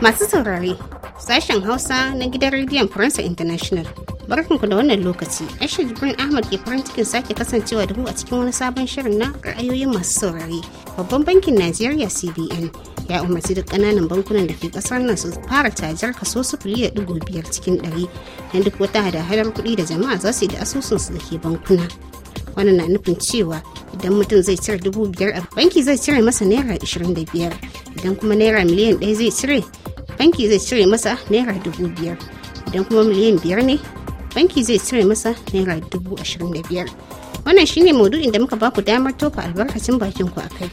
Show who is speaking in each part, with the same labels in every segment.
Speaker 1: Masu saurari sashen Hausa na gidan rediyon Faransa International. Barkanku da wannan lokaci, Aisha Jibrin Ahmad ke farin cikin sake kasancewa da ku a cikin wani sabon shirin na ra'ayoyin masu saurari Babban bankin Najeriya CBN ya umarci duk kananan bankunan da ke kasar nan su fara cajar kaso sufuri da ɗigo biyar cikin ɗari na duk wata hada-hadar kuɗi da jama'a za su yi da asusunsu da ke bankuna. wannan na nufin cewa idan mutum zai cire dubu biyar a banki zai cire masa naira ashirin da biyar idan kuma naira miliyan ɗaya zai cire banki zai cire masa naira dubu biyar idan kuma miliyan biyar ne banki zai cire masa naira dubu ashirin da biyar wannan shine maudu'in da muka baku damar tofa albarkacin bakin ku a kai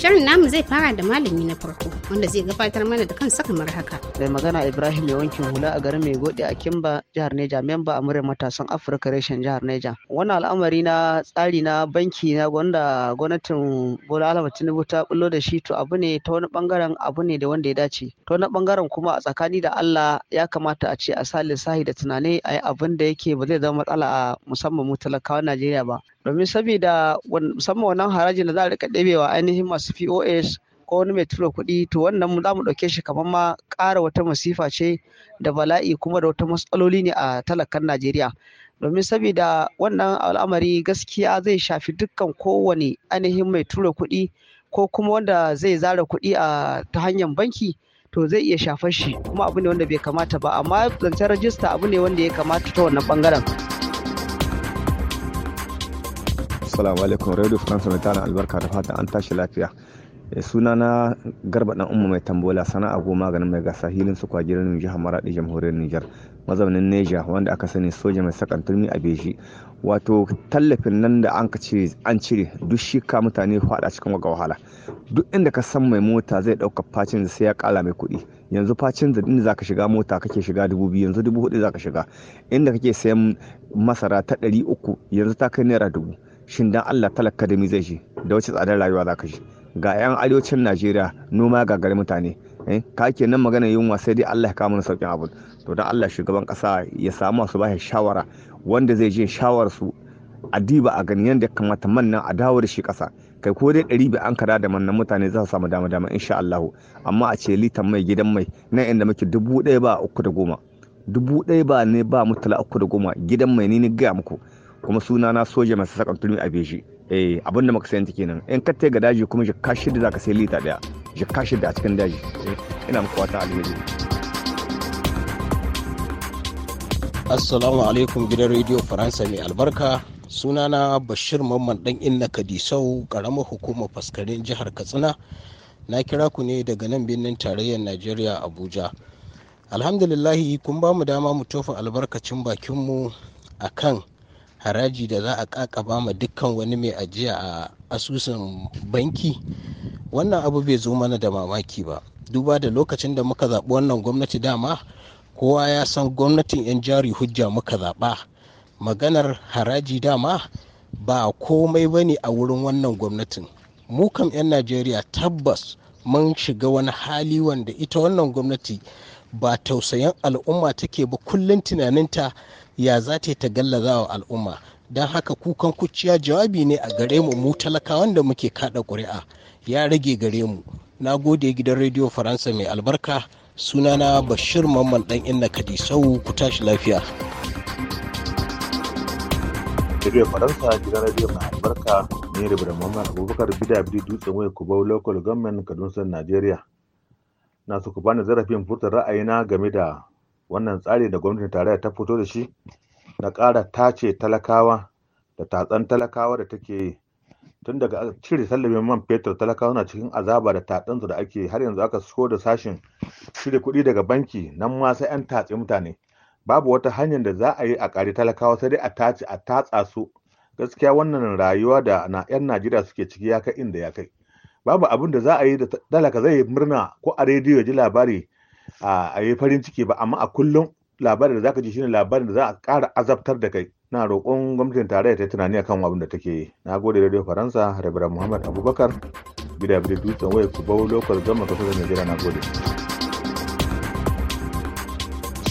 Speaker 1: Shirin namu zai fara da malami na farko wanda zai gabatar mana da kansa kamar haka. Mai magana Ibrahim ya wankin hula a garin mai gode a Kimba jihar Neja memba a murin matasan Afirka reshen jihar Neja. Wannan al'amari na tsari na banki na gwanda gwamnatin Bola Ahmed Tinubu ta bullo da shi to abu ne ta wani bangaren abu ne da wanda ya dace. Ta wani bangaren kuma a tsakani da Allah ya kamata a ce a sa lissahi da tunani a yi abin da yake ba zai zama matsala a musamman mu talakawan Najeriya ba. domin saboda musamman wannan harajin da za a rika ɗebewa ainihin masu pos ko wani mai tura kuɗi to wannan za mu ɗauke shi kamar ma ƙara wata masifa ce da bala'i kuma da wata matsaloli ne a talakan najeriya domin saboda wannan al'amari gaskiya zai shafi dukkan kowane ainihin mai tura kuɗi ko kuma wanda zai zara kuɗi a ta hanyar banki to zai iya shafar shi kuma abu ne wanda bai kamata ba amma zancen rajista abu ne wanda ya kamata ta wannan bangaren.
Speaker 2: assalamu alaikum radio france mai tana albarka da fata an tashi lafiya eh, suna na garba dan umma mai tambola sana'a goma maganin mai gasa hilin su gidan jihar maradi jamhuriyar niger mazaunin neja wanda aka sani soja mai sakan turmi a beji wato tallafin nan da an cire an cire duk shi ka mutane fada cikin waga wahala duk inda ka san mai mota zai dauka facin sai ya kala mai kuɗi yanzu facin da inda zaka shiga mota kake shiga dubu biyu yanzu dubu hudu zaka shiga inda kake sayan masara ta ɗari uku yanzu ta kai naira dubu shin dan Allah talaka da mi zai shi da wace tsadar rayuwa za ka shi ga 'yan arewacin Najeriya noma ga gari mutane eh? ka ke nan magana yunwa sai dai Allah ya kama na sauƙin abu to dan Allah shugaban ƙasa ya samu masu bashi shawara wanda zai je shawarar su a diba a gani yadda kamata mannan nan a dawo da shi ƙasa kai ko dai ɗari bai an kara da mannan mutane za su samu dama dama insha Allah amma a ce litan mai gidan mai nan inda muke dubu ɗaya ba uku da goma dubu ɗaya ba ne ba mutala uku da goma gidan mai ni ni gaya muku kuma suna na soja mai sakan turmi a beji eh abin da muka sayan kenan in ka ga daji kuma jikka shida zaka sai
Speaker 3: lita daya kashi shida a cikin daji eh, ina muku wata alheri assalamu alaikum gidan radio faransa mai albarka sunana bashir mamman dan inna kadisau karamar hukumar faskarin jihar katsina na kira ku ne daga nan birnin tarayyar najeriya abuja alhamdulillahi kun ba mu dama mu tofa albarkacin bakinmu a kan haraji da za a kakaba ma dukkan wani mai ajiya a asusun banki wannan abu bai zo mana da mamaki ba duba da lokacin da muka zaɓi wannan gwamnati dama kowa ya san gwamnatin 'yan jari hujja muka zaɓa maganar haraji dama ba komai ba ne a wurin wannan gwamnatin mu kam 'yan najeriya tabbas mun shiga wani hali wanda ita wannan gwamnati ba tausayin al'umma take ba kullum tunaninta ya za ta gallaza wa al'umma don haka kukan kuciya jawabi ne a gare mu mu talakawan da muke kada ƙuri'a ya rage gare mu na gode gidan rediyo faransa mai albarka sunana bashir mamman dan inna kadisau ku tashi lafiya
Speaker 4: rediyo faransa gidan rediyo mai albarka ne da mamman abubakar bida dutsen wai kubau local government kaduna najeriya na so ku bani zarafin furta ra'ayina game da wannan tsari da gwamnatin tarayya ta fito da shi na ƙara tace talakawa da tatsan talakawa da take yi tun daga cire tallafin man fetur talakawa na cikin azaba da tatsansu da ake har yanzu aka so da sashin cire kuɗi daga banki nan ma sai an tatsi mutane babu wata hanyar da za a yi a ƙari talakawa sai dai a tace a tatsa su gaskiya wannan rayuwa da na 'yan najeriya suke ciki ya kai inda ya kai babu abin da za a yi da talaka zai yi murna ko a rediyo ji labari a yi farin ciki ba amma a kullum labarin da zaka ji ne, labarin da za a kara azabtar da kai na roƙon gwamnatin tarayya ta yi tunani akan abin da take yi na gode radio faransa rabira muhammad abubakar gida bida dutsen waya ku bau lokal gama kasar najeriya na gode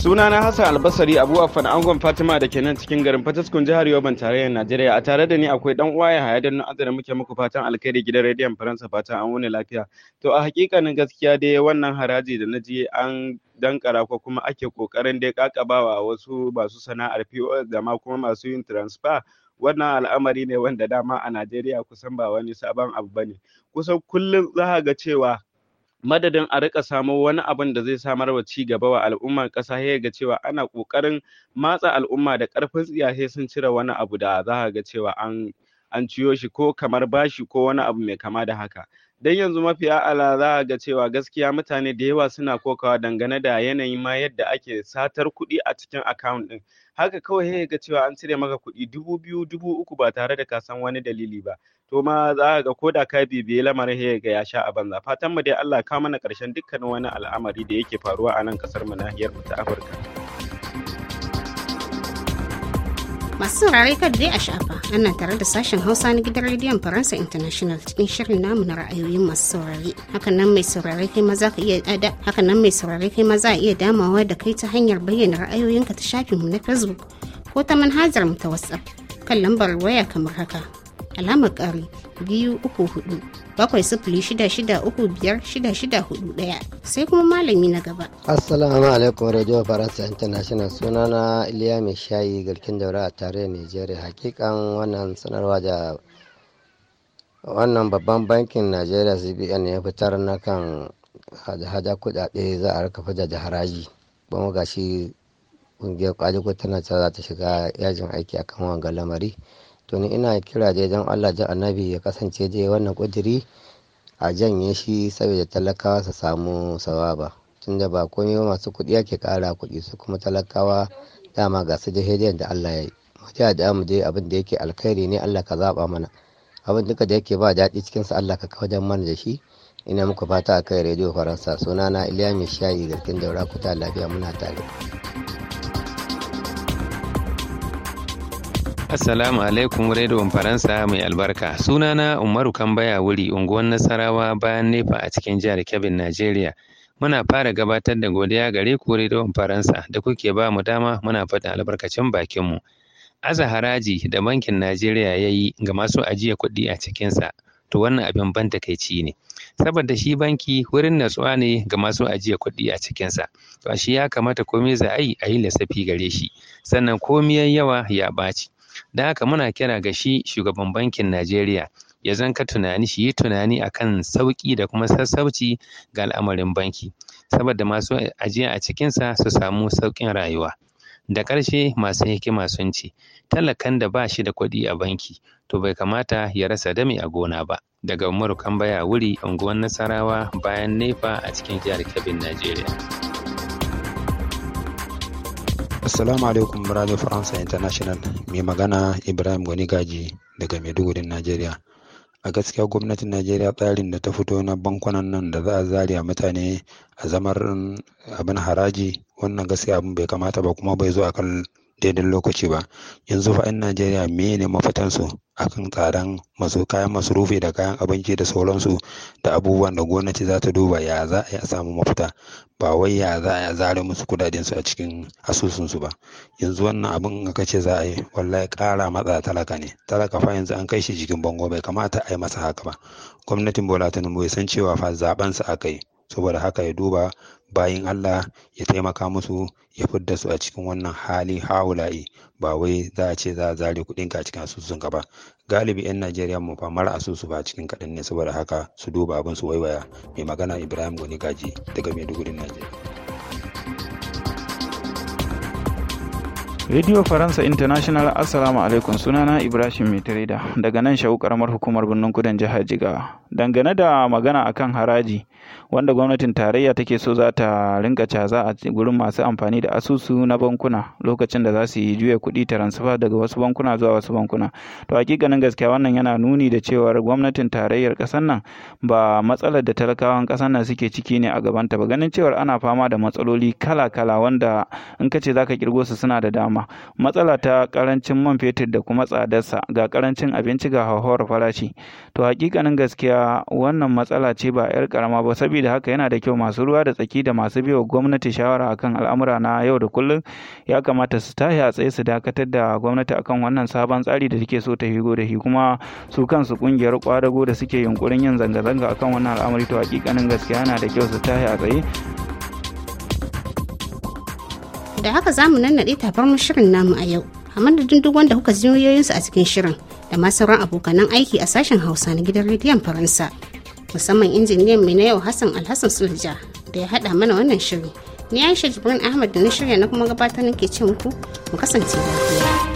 Speaker 4: sunana hassan albasari abu afan angon fatima da ke nan cikin garin fataskun jihar yoban tarayyar najeriya a tare da ni akwai dan uwa ya haya dannu azara muke muku fatan alkhairi gidan rediyon faransa fatan an wuni lafiya to a hakikanin gaskiya dai wannan haraji da na je an dankara ko kuma ake kokarin dai kakabawa wasu masu sana'ar pos da ma kuma masu yin transfer wannan al'amari ne wanda dama a najeriya kusan ba wani sabon abu bane kusan kullum za ga cewa madadin a rika samo wani abin da zai samar wa ci gaba wa al'ummar ƙasa sai ga cewa ana ƙoƙarin matsa al'umma da ƙarfin tsiya sai sun cire wani abu da za ga cewa an an ciyo shi ko kamar bashi ko wani abu mai kama da haka dan yanzu mafiya ala za a ga cewa gaskiya mutane da yawa suna kokawa dangane da yanayin ma yadda ake satar kuɗi a cikin account ɗin haka kawai sai ga cewa an cire maka kuɗi dubu biyu dubu uku ba tare da ka san wani dalili ba to ma za a ga koda ka bibiye lamarin sai ga ya sha a banza fatan mu dai Allah ka mana ƙarshen dukkanin wani al'amari da yake faruwa a nan ƙasar mu nahiyar mu ta Afirka
Speaker 1: masu saurare kan dai a shafa ana tare da sashen hausa na gidan rediyon faransa international cikin shirin namu na ra'ayoyin masu saurari hakan mai saurare kai maza ka iya ada hakanan mai saurare kai maza iya damawa da kai ta hanyar bayyana ra'ayoyinka ta shafinmu na facebook ko ta manhajar mu ta whatsapp kan lambar waya kamar haka alamar ƙari biyu uku hudu bakwai sifili shida shida uku biyar shida shida hudu ɗaya sai kuma malami na gaba.
Speaker 3: Assalamu alaikum Radio Faransa International suna na Iliya Mai Shayi garkin daura a tare Nigeria hakikan wannan sanarwa da wannan babban bankin nigeria CBN ya fitar na kan hada-hada kudade za a rika fita da haraji kuma gashi kungiyar kwadugo tana ta za ta shiga yajin aiki akan wanga lamari. to ni ina kira da don allah ji annabi ya kasance je wannan kudiri a janye shi saboda talakawa su samu sawaba tunda ba komai ba masu kuɗi ake kara kuɗi su kuma talakawa dama ga su jahiliyar da allah ya yi mutum da mu je abin da yake alkhairi ne allah ka zaɓa mana abin duka da yake ba daɗi cikinsa allah ka kawajen mana da shi ina muku fata a kai rediyo faransa sunana iliya mai shayi garkin daura kuta lafiya muna tare
Speaker 5: Assalamu alaikum Radio Faransa mai albarka. Sunana Umaru Kambaya wuri unguwar Nasarawa bayan nefa a cikin jihar Kebbi, Najeriya. Muna fara gabatar da godiya gare ku Radio Faransa da kuke ba mu dama muna faɗin albarkacin bakinmu. Aza haraji da bankin Najeriya ya yi ga masu ajiye kuɗi a cikinsa. To wannan abin ban takaici ne. Saboda shi banki wurin natsuwa ne ga masu ajiye kuɗi a cikinsa. To shi ya kamata komai za a yi a yi lissafi gare shi. Sannan komai yawa ya ɓaci. da haka muna kira ga shi shugaban bankin najeriya ya zanka tunani shi yi tunani akan sauƙi da kuma sassauci ga al'amarin banki saboda masu ajiya a cikinsa su samu sauƙin rayuwa da ƙarshe masu hikima sun ce talakan da ba shi da kuɗi a banki to bai kamata ya rasa dami a gona ba daga umaru baya wuri unguwar nasarawa bayan nefa a cikin jihar Kebbi najeriya Assalamu alaikum Radio Faransa International mai magana Ibrahim Gwani Gaji daga Maiduguri Najeriya. A gaskiya gwamnatin Najeriya tsarin da ta fito na bankunan nan da za a a mutane a zamar abin haraji wannan gaskiya abin bai kamata ba kuma bai zo a akan daidai lokaci ba yanzu fa 'yan Najeriya mene mafitansu kan tsadan masu kayan masurufi da kayan abinci da sauransu da abubuwan da gwamnati za ta duba ya za a yi a samu mafita ba wai ya za a zare musu kudadensu a cikin asusunsu ba yanzu wannan abin in ka ce za a yi wallahi kara matsa talaka ne talaka fa yanzu an kai shi jikin bango bai kamata a yi masa haka ba gwamnatin Bola Tinubu ya san cewa fa zaben su aka yi saboda haka ya duba bayan Allah ya taimaka musu ya fidda su a cikin wannan hali haula'i ba wai za a ce za a zare kuɗin ka cikin asusun ka ba galibi 'yan Najeriya mu famar asusu ba cikin kadan ne saboda haka su duba abin su waiwaya mai magana Ibrahim Goni Gaji daga Maiduguri Najeriya.
Speaker 6: Radio Faransa International Assalamu alaikum sunana Ibrahim Mitreda daga nan shawu karamar hukumar birnin kudan jihar Jigawa. Dangane da magana akan haraji wanda gwamnatin tarayya take so za ta rinka caza a gurin masu amfani da asusu na bankuna lokacin da za su yi juya kuɗi taransifa daga wasu bankuna zuwa wasu bankuna. To hakikanin gaskiya wannan yana nuni da cewar gwamnatin tarayyar ƙasar nan ba matsalar da talakawan ƙasar nan suke ciki ne a gabanta ba ganin cewar ana fama da matsaloli kala-kala wanda in ka ce za ka kirgo su suna da dama matsala ta karancin man fetur da kuma tsadarsa ga karancin abinci ga hauhawar farashi to hakikanin gaskiya wannan matsala ce ba 'yar karama ba saboda haka yana da kyau masu ruwa da tsaki da masu biyo gwamnati shawara akan al'amura na yau da kullum ya kamata su tashi a tsaye su dakatar da gwamnati akan wannan sabon tsari da take so ta higo da shi kuma su kansu kungiyar kwadago da suke yunkurin yin zanga-zanga akan wannan al'amari to hakikanin gaskiya yana da kyau su tashi a tsaye
Speaker 1: da haka za mu nannaɗe tabarmar shirin namu a yau amma da duk wanda kuka su a cikin shirin da ma sauran abokanan aiki a sashen hausa na gidan rediyon faransa musamman injiniyan mai na yau hassan alhassan sulja da ya haɗa mana wannan shirin ni aisha jibrin ahmad da na shirya na kuma gabatar nake ce muku mu kasance lafiya